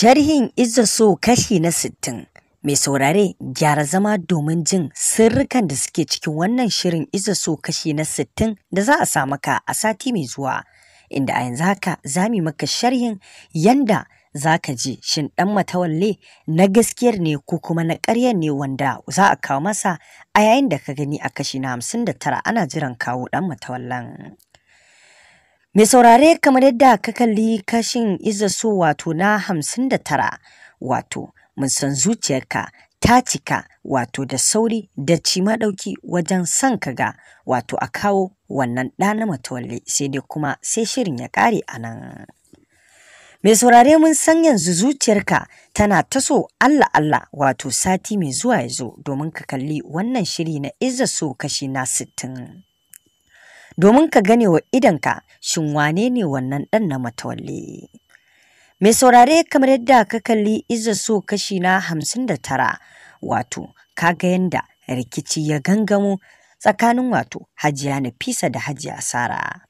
Sharhin Izza So kashi na sittin. Mai saurare gyara zama domin jin sirrikan da suke cikin wannan shirin Izza So kashi na sittin da za a sa maka a sati mai zuwa. Inda a yanzu haka za mu maka sharhin yanda za ka ji shin dan matawalle na gaskiyar ne ko kuma na ƙaryar ne wanda za a kawo masa a yayin da ka gani a kashi na hamsin da tara ana jiran kawo dan matawallan. Mai saurare kamar yadda ka kalli kashin izaso wato na hamsin da tara wato mun san zuciyarka ta cika wato da sauri da cima ɗauki wajen ka ga wato a kawo wannan ɗa na matawalle sai dai kuma sai shirin ya ƙare a nan. Mai saurare mun san yanzu zuciyarka tana ta so Allah Allah wato sati mai zuwa ya zo domin ka kalli wannan shiri na izaso kashi na sittin. domin ka gane wa idanka shin wane ne wannan ɗan na matawalle. Mai saurare kamar yadda ka kalli iza so kashi na hamsin da tara wato kaga yadda rikici ya gangamo tsakanin wato hajiya Nafisa da hajiya Sara.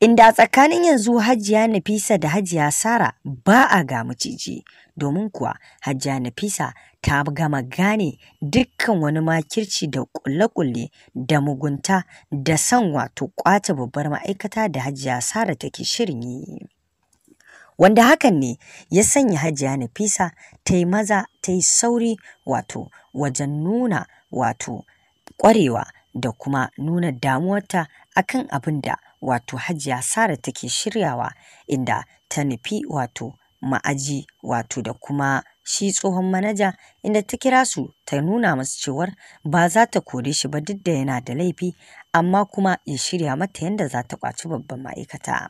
Inda tsakanin yanzu hajiya Nafisa da hajiya Sara ba a ga maciji domin kuwa Hajiya Nafisa ta gama gane dukkan wani makirci da ƙulle-ƙulle da mugunta da san wato ƙwace babbar ma'aikata da Hajiya Sara take shirin yi. Wanda hakan ne ya sanya Hajiya Nafisa ta yi maza ta yi sauri wato wajen nuna wato ƙwarewa da kuma nuna damuwarta akan abin da wato Hajiya Sara take shiryawa inda ta nufi wato ma'aji wato da kuma shi tsohon manaja inda ta kira su ta nuna masu cewar ba za ta kore shi ba duk da yana da laifi amma kuma ya shirya mata yadda za ta kwaci babban ma'aikata.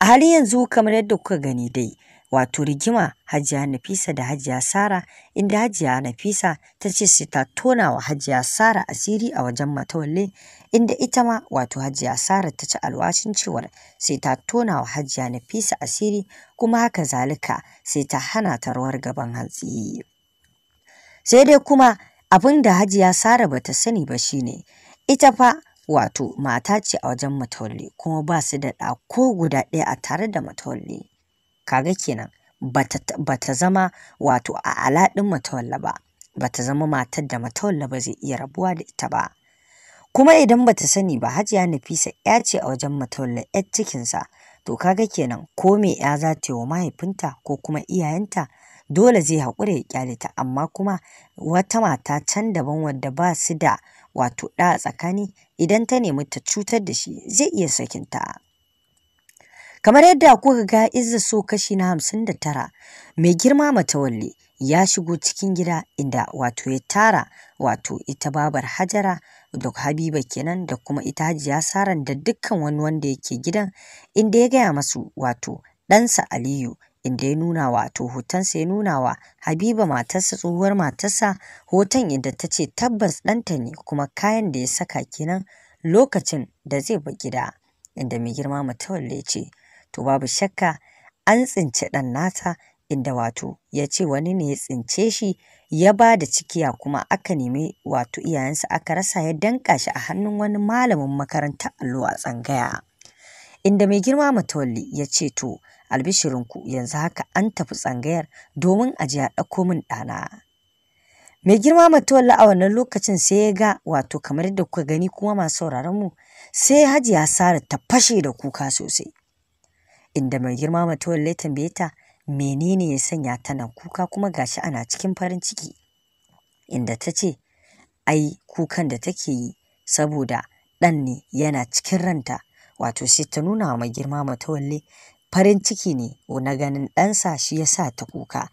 A halin yanzu kamar yadda kuka gani dai wato rigima Hajiya Nafisa da Hajiya Sara inda Hajiya Nafisa ta ce sai ta tona wa Hajiya Sara asiri a wajen Matawalle inda ita ma wato Hajiya Sara ta ci alwashin cewar sai ta tona wa Hajiya Nafisa asiri kuma haka zalika sai ta hana ta rawar gaban hantsi. Sai dai kuma abin da Hajiya Sara bata sani ba shine ita fa wato mata ce a wajen Matawalle kuma ba su da ɗako guda ɗaya a tare da Matawalle. kaga kenan bata zama wato a aladin matawalla ba bata zama matar da matawalla ba zai iya rabuwa da ita ba kuma idan bata sani ba hajiya nafisa ya ce a wajen matawalla yar cikinsa to kaga kenan ko me ya za ta wa mahaifinta ko kuma iyayenta dole zai haƙura ya kyale ta amma kuma wata mata can daban wadda ba su da wato ɗa tsakani idan ta nemi ta cutar da shi zai iya sakinta. Kamar yadda kuka ga Izza so kashi na hamsin da tara, mai girma matawalle ya shigo cikin gida inda wato ya tara wato ita babar Hajara da Habiba kenan da kuma ita Hajiya Saran da dukkan wani wanda yake gidan inda ya gaya masu wato ɗansa Aliyu inda ya nuna wato hotonsa ya nuna wa Habiba matarsa tsohuwar matarsa hoton inda ta ce tabbas ɗanta ne kuma kayan da ya saka kenan lokacin da zai ba gida. inda mai girma matawalle ce to babu shakka an tsince ɗan nata inda wato ya ce wani ne ya tsince shi ya ba da cikiya kuma aka nemi wato iyayensa aka rasa ya danka shi a hannun wani malamin makarantar allo a tsangaya inda mai girma matawalli ya ce to albishirinku yanzu haka an tafi tsangayar domin a a ɗauko min ɗana mai girma matawalli a wannan lokacin sai ya ga wato kamar yadda kuka gani kuma masu sauraron mu sai hajiya sara ta fashe da kuka sosai inda mai girma matuwar ya tambaye menene ya sanya tana kuka kuma gashi ana cikin farin ciki inda ta ce ai kukan da take yi saboda ɗan ne yana cikin ranta wato sai ta nuna wa mai girma matawalle farin ciki ne na ganin ɗansa shi ya sa ta kuka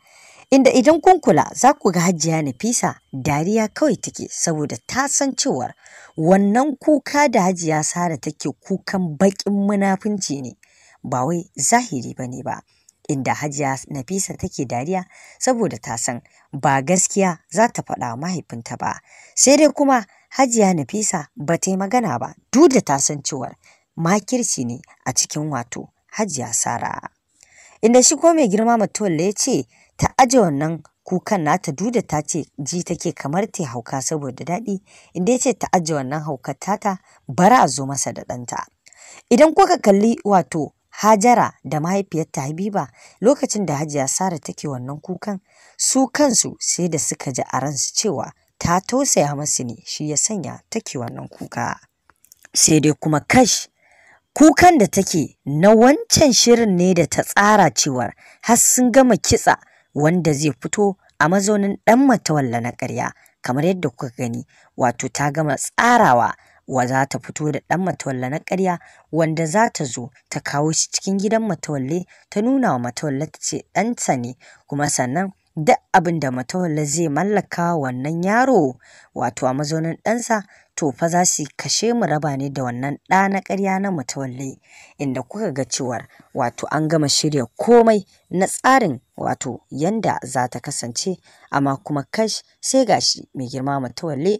inda idan kun kula za ku ga hajiya nafisa dariya kawai take saboda ta san cewar wannan kuka da hajiya sara take kukan baƙin munafunci ne ba wai zahiri ba ne ba. Inda Hajiya Nafisa take dariya saboda ta san ba gaskiya za ta faɗa mahaifinta ba. Sai dai kuma Hajiya Nafisa ba ta yi magana ba duk da ta san cewar makirci ne a cikin wato Hajiya Sara. Inda shi ko mai girma mutuwalla ya ce ta aje wannan kukan nata duda ta ce ji take kamar ta hauka saboda daɗi inda ya ce ta aje wannan haukar tata bara a zo masa da ɗanta. Idan kuka kalli wato Hajara da mahaifiyarta Habiba lokacin da Hajiya Sara take wannan kukan su kansu sai da suka ji a ransu cewa ta tausaya masu ne shi ya sanya take wannan kuka. Sai dai kuma kash kukan da take na wancan shirin ne da ta tsara cewar har sun gama kitsa wanda zai fito a mazaunin ɗan matawalla na ƙarya kamar yadda kuka gani wato ta gama tsarawa Uwa za ta fito da ɗan matawalle na ƙarya wanda za ta zo ta kawo shi cikin gidan matawalle ta nuna wa matawalle ta ce ɗanta ne kuma sannan duk abin da matawalle zai mallaka wannan yaro wato a mazaunin ɗansa to fa za su kashe mu raba ne da wannan ɗa na ƙarya na matawalle inda kuka ga cewar wato an gama shirya komai na tsarin wato yanda za ta kasance amma kuma kash sai gashi mai girma matawalle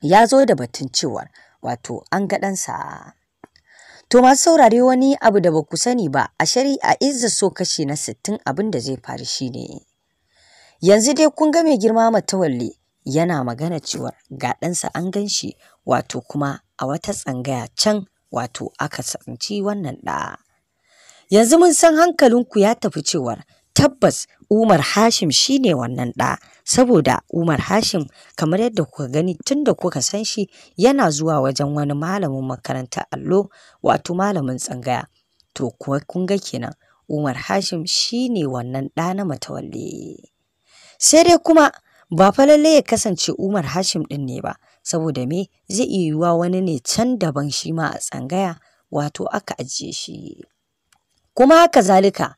ya zo da batun cewar wato an ga ɗansa. To masu saurare wani abu da ba ku sani ba a shari'a izza so kashi na sittin abin da zai faru shine. Yanzu dai kun ga mai girma matawalle yana magana cewar ga ɗansa an gan shi wato kuma a wata tsangaya can wato aka tsanci wannan ɗa. Yanzu mun san hankalinku ya tafi cewar tabbas Umar Hashim shine wannan ɗa saboda Umar Hashim kamar yadda kuka gani tun da kuka san shi yana zuwa wajen wani malamin makarantar allo wato malamin tsangaya to kuwa kun ga kenan Umar Hashim shine wannan ɗa na matawalle sai dai kuma ba fa lalle ya kasance Umar Hashim ɗin ne ba saboda me zai iya yiwuwa wani ne can daban shi ma a tsangaya wato aka ajiye shi kuma haka zalika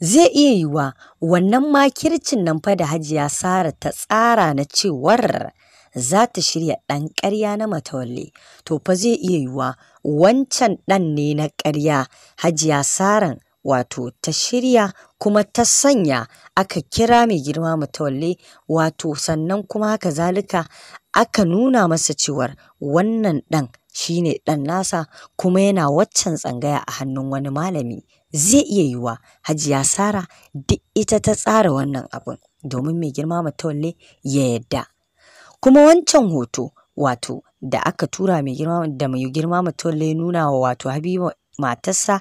Zai iya yiwuwa wannan makircin nan fa da Hajiya Sara ta tsara na cewar za ta shirya ɗan ƙarya na Matawalle, to fa zai iya wa wancan ɗan ne na ƙarya Hajiya Saran wato ta shirya kuma ta sanya aka kira mai girma Matawalle wato sannan kuma haka zalika aka nuna masa cewar wannan ɗan shine ɗan nasa kuma yana waccan tsangaya a hannun wani malami zai iya yiwuwa hajiya sara duk ita ta tsara wannan abin domin mai girma matawalle ya yadda kuma wancan hoto wato da aka tura mai girma da mai girma matawalle ya nuna wa wato habiba matarsa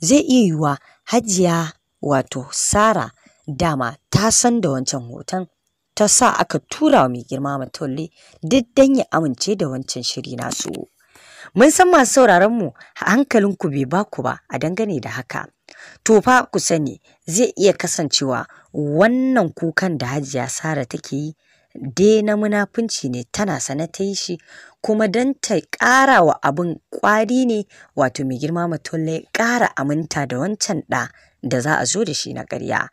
zai iya yiwuwa hajiya wato sara dama ta san da wancan hoton ta sa aka tura wa mai girma matawalle duk dan ya amince da wancan shiri nasu. Mun san masu sauraron mu hankalin ku bai ba ku ba a dangane da haka. To fa ku sani zai iya kasancewa wannan kukan da Hajiya Sara take yi dai na munafunci ne tana sana ta yi shi kuma don ta ƙara wa abin ƙwari ne wato mai girma matolle ƙara aminta da wancan ɗa da za a zo da shi na ƙarya.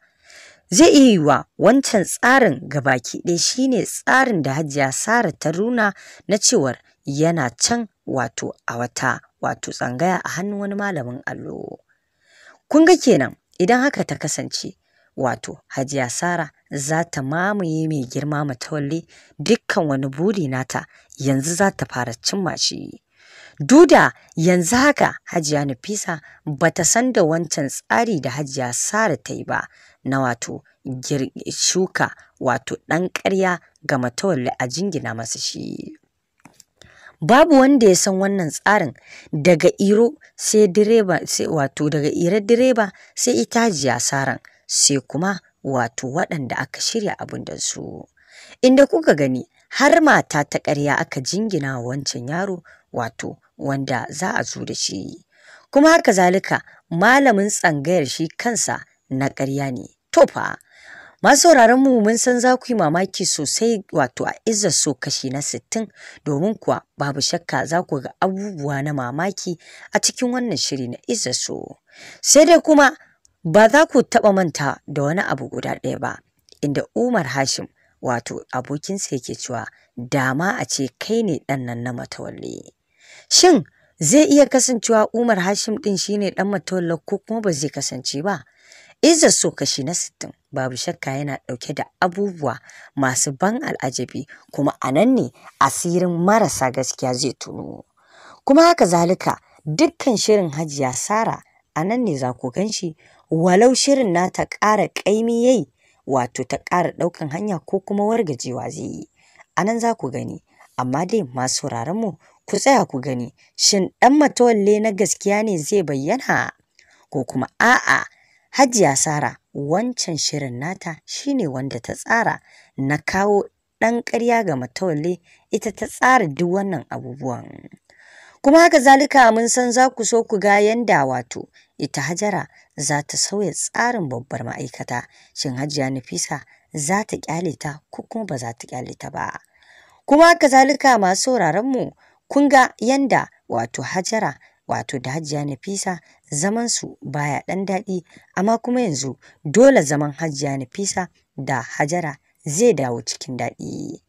Zai iya wa wancan tsarin gabaki ɗaya shine tsarin da Hajiya Sara ta runa na cewar yana can wato a wata wato tsangaya a hannun wani malamin allo. Kun ga kenan idan haka ta kasance wato Hajiya Sara za ta mamaye mai girma matawalle dukkan wani buri nata yanzu za ta fara cimma shi. Duda yanzu haka Hajiya Nafisa ba ta san da wancan tsari da Hajiya Sara ta yi ba na wato shuka wato ɗan ƙarya ga matawalle a jingina masa shi. babu wanda ya san wannan tsarin daga iro sai direba sai wato daga ire direba sai itajiya saran sai kuma wato waɗanda aka shirya abin da su inda kuka gani har mata ta ƙarya aka jingina wancan yaro wato wanda za a zo da shi kuma haka zalika malamin tsangayar shi kansa na ƙarya ne to fa Masu mu mun san za ku yi mamaki sosai wato a izar so kashi na sittin, domin kuwa babu shakka za ku ga abubuwa na mamaki a cikin wannan shiri na izar so. Sai dai kuma ba za ku taɓa manta da wani abu guda ɗaya ba inda Umar Hashim wato abokinsa yake cewa dama a ce kai ne ɗan nan na matawalle. Shin zai iya kasancewa Umar Hashim ɗin shine ɗan matawalle ko kuma ba zai kasance ba? Izar so kashi na sittin. babu shakka yana ɗauke da abubuwa masu ban al'ajabi kuma a nan ne asirin marasa gaskiya zai tuno. Kuma haka zalika dukkan shirin hajiya Sara a nan ne za ku gan shi walau shirin na ta ƙara ƙaimi yayi wato ta ƙara ɗaukan hanya ko kuma wargajewa zai yi. A nan za ku gani amma dai masu mu ku tsaya ku gani shin ɗan matawalle na gaskiya ne zai bayyana ko kuma a'a hajiya Sara Wancan shirin nata shine wanda ta tsara na kawo ɗan ƙarya ga Matawalle, ita ta tsara duk wannan abubuwan. Kuma haka zalika mun san za ku so ku ga yanda wato ita Hajara za ta sauya tsarin babbar ma'aikata, shin Hajiya Nafisa za ta ƙyale ta ko kuma ba za ta ƙyale ta ba. Kuma haka zalika masu mu kun ga yanda wato Hajara wato da Hajiya Nafisa zamansu baya ɗan daɗi amma kuma yanzu dole zaman hajiya Nafisa da Hajara zai dawo cikin daɗi.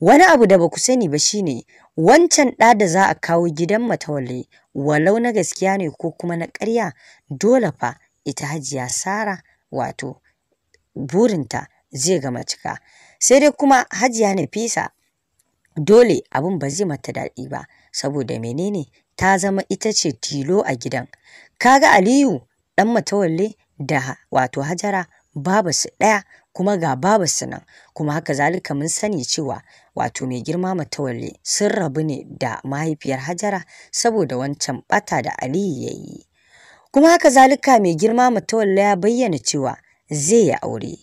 Wani abu da baku sani ba shine wancan ɗa da za a kawo gidan matawalle walau na gaskiya ne ko kuma na ƙarya dole fa ita hajiya Sara wato burinta zai gama cika. Sai dai kuma hajiya Nafisa dole abun ba zai mata daɗi ba saboda menene ta zama ita ce tilo a gidan kaga Aliyu ɗan Matawalle da wato Hajara babu su ɗaya kuma ga babu su nan kuma haka zalika mun sani cewa wato mai girma Matawalle sun rabu ne da mahaifiyar Hajara saboda wancan bata da Aliyu ya yi. Kuma haka zalika mai girma Matawalle ya bayyana cewa zai ya aure.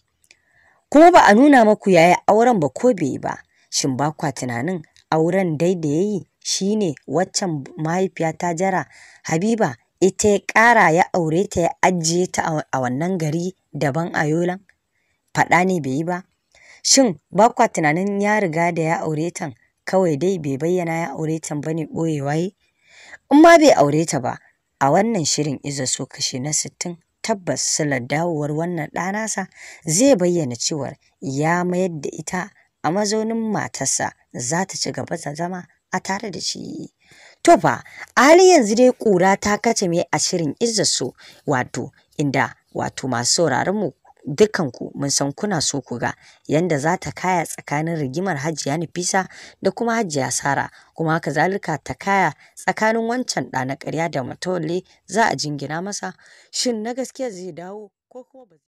Kuma ba a nuna maku yaya auren ba ko bai ba, shin ba kwa tunanin auren dai da yayi shine waccan mahaifiya ta jara Habiba ita ya ƙara ya aure ta ya ajiye ta a wannan gari daban a Yolan? Faɗa ne bai yi ba? Shin ba kwa tunanin ya riga da ya aure ta kawai dai bai bayyana ya aure ta ba ne ɓoyewa yi? In ma bai aure ta ba, a wannan shirin iza so kashe na sittin tabbas silar dawowar wannan ɗanasa zai bayyana cewar ya mayar da ita a mazaunin matarsa za ta ci gaba ta zama a tare da shi. To fa, a halin yanzu dai ƙura ta kace mai a shirin izzasu wato inda wato masu sauraron mu dukanku mun san kuna so ku ga yanda za ta kaya tsakanin rigimar hajiya Nafisa da kuma hajiya Sara kuma haka zalika ta kaya tsakanin wancan ɗa na ƙarya da matole za a jingina masa shin na gaskiya zai dawo ko kuma